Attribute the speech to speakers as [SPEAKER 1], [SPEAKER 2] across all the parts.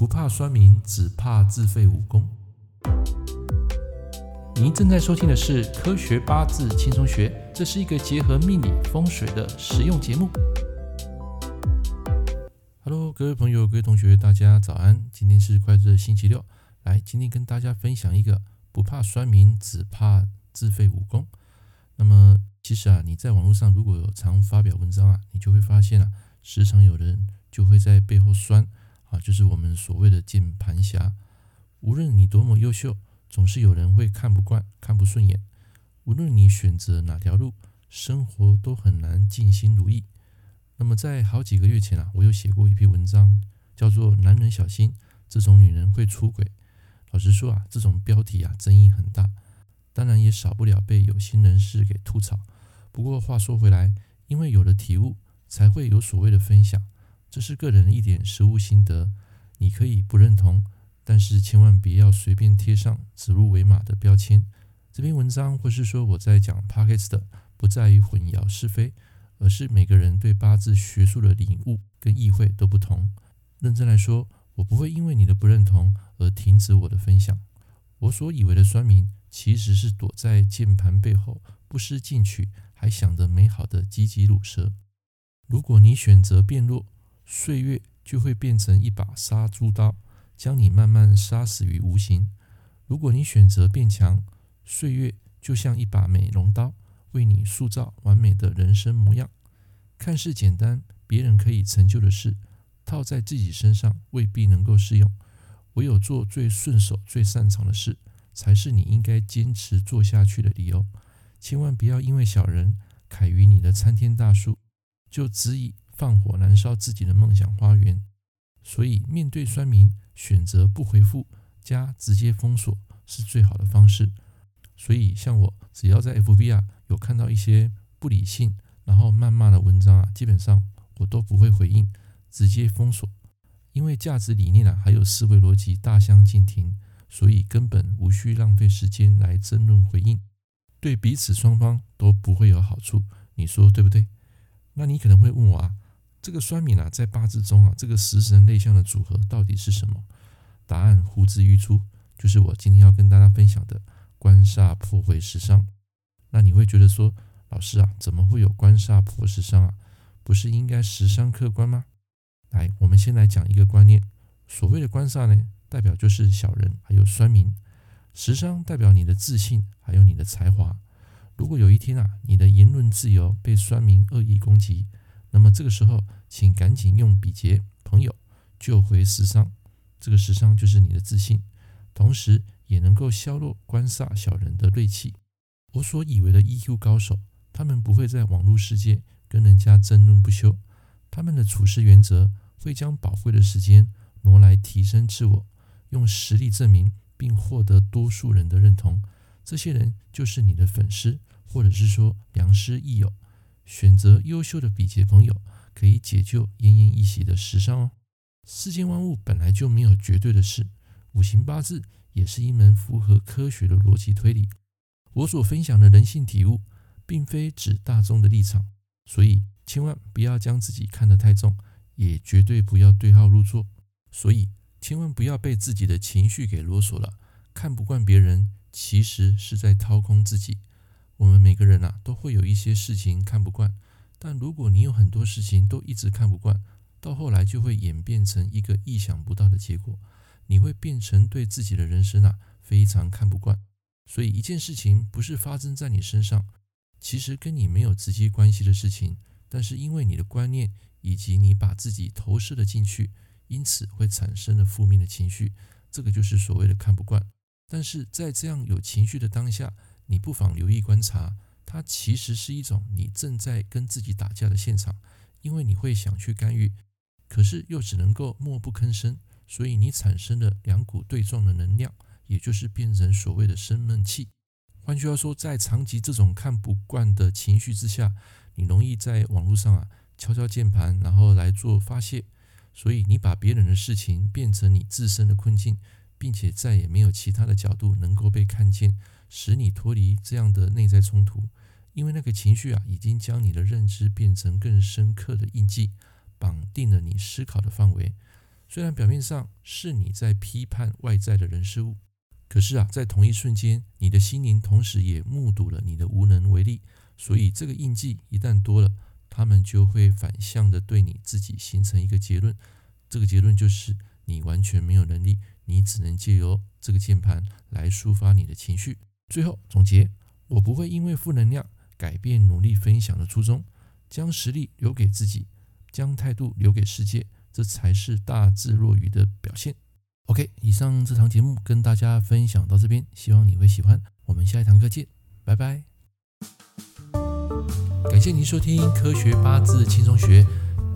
[SPEAKER 1] 不怕酸民，只怕自廢武功。您正在收聽的是《科學八字輕鬆學》，這是一個結合命理、風水的實用節目。Hello，各位朋友、各位同學，大家早安！今天是快樂星期六，來，今天跟大家分享一個“不怕酸民，只怕自廢武功”。那麼，其實啊，你在網絡上如果有常發表文章啊，你就會發現啊，時常有人就會在背後酸。啊，就是我們所謂的鍵盤俠。無論你多麼優秀，總是有人會看不慣、看不順眼。無論你選擇哪條路，生活都很難盡心如意。那麼，在好幾個月前啊，我有寫過一篇文章，叫做《男人小心，這種女人會出軌》。老實說啊，這種標題啊，爭議很大，當然也少不了被有心人士給吐槽。不過話說回來，因為有了體悟，才會有所謂的分享。這是個人一點實務心得，你可以不認同，但是千萬不要隨便貼上指鹿為馬的標籤。這篇文章或是說我在講 Podcast 的，不在於混淆是非，而是每個人對八字學術的領悟跟意會都不同。認真來說，我不會因為你的不認同而停止我的分享。我所以為的酸民，其實是躲在鍵盤背後不思進取，還想着美好的積極魯蛇。如果你選擇變弱，歲月就會變成一把殺豬刀，將你慢慢殺死於無形。如果你選擇變強，歲月就像一把美容刀，為你塑造完美的人生模樣。看似簡單，別人可以成就的事，套在自己身上未必能夠適用。唯有做最順手、最擅長的事，才是你應該堅持做下去的理由。千萬不要因為小人覬覦你的參天大樹，就恣意，放火燃燒自己的夢想花園，所以面對酸民，選擇不回復加直接封鎖是最好的方式。所以像我，只要在 FB 啊有看到一些不理性然後謾罵的文章啊，基本上我都不會回應，直接封鎖，因為價值理念啊還有思維邏輯大相徑庭，所以根本無需浪費時間來爭論回應，對彼此雙方都不會有好處，你說對不對？那你可能會問我啊。這個酸民啊，在八字中啊，這個食神類象的組合到底是什麼？答案呼之欲出，就是我今天要跟大家分享的官煞破壞食傷。那你會覺得說，老師啊，怎麼會有官煞破食傷啊？不是應該食傷剋官嗎？來，我們先來講一個觀念。所謂的官煞呢，代表就是小人，還有酸民；食傷代表你的自信，還有你的才華。如果有一天啊，你的言論自由被酸民惡意攻擊，那麼這個時候，請趕緊用比劫朋友，救回食傷，這個食傷就是你的自信，同時也能夠削弱官殺小人的銳氣。我所以為的 EQ 高手，他們不會在網絡世界跟人家爭論不休，他們的處事原則會將寶貴的時間挪來提升自我，用實力證明並獲得多數人的認同。這些人就是你的粉絲，或者是說良師益友。選擇優秀的比劫朋友，可以解救奄奄一息的食傷哦。世間萬物本來就沒有絕對的事，五行八字也是一門符合科學的邏輯推理。我所分享的人性體悟，並非指大眾的立場，所以千萬不要將自己看得太重，也絕對不要對號入座。所以千萬不要被自己的情緒給囉嗦了，看不慣別人，其實是在掏空自己。我們每個人吶，都會有一些事情看不慣，但如果你有很多事情都一直看不慣，到後來就會演變成一個意想不到的結果，你會變成對自己的人生啊非常看不慣。所以一件事情不是發生在你身上，其實跟你沒有直接關係的事情，但是因為你的觀念以及你把自己投射了進去，因此會產生了負面的情緒，這個就是所謂的看不慣。但是在這樣有情緒的當下。你不妨留意觀察，它其實是一種你正在跟自己打架的現場，因為你會想去干預，可是又只能夠默不吭聲，所以你產生的兩股對撞的能量，也就是變成所謂的生悶氣。換句話說，在長期這種看不慣的情緒之下，你容易在網絡上啊敲敲鍵盤，然後來做發洩，所以你把別人的事情變成你自身的困境。並且再也沒有其他的角度能夠被看見，使你脫離這樣的內在衝突。因為那個情緒啊，已經將你的認知變成更深刻的印記，綁定了你思考的範圍。雖然表面上是你在批判外在的人事物，可是啊，在同一瞬間，你的心靈同時也目睹了你的無能為力。所以這個印記一旦多了，他們就會反向的對你自己形成一個結論。這個結論就是你完全沒有能力。你只能借由這個鍵盤來抒發你的情緒。最後總結，我不會因為負能量改變努力分享的初衷，將實力留給自己，將態度留給世界，這才是大智若愚的表現。OK，以上這堂節目跟大家分享到這邊，希望你會喜歡。我們下一堂課見，拜拜。感謝您收聽《科學八字輕鬆學》，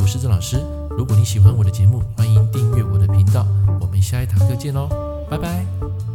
[SPEAKER 1] 我是鄭老師。如果你喜歡我的節目，歡迎訂閱我的頻道。下一堂課見嘍，拜拜。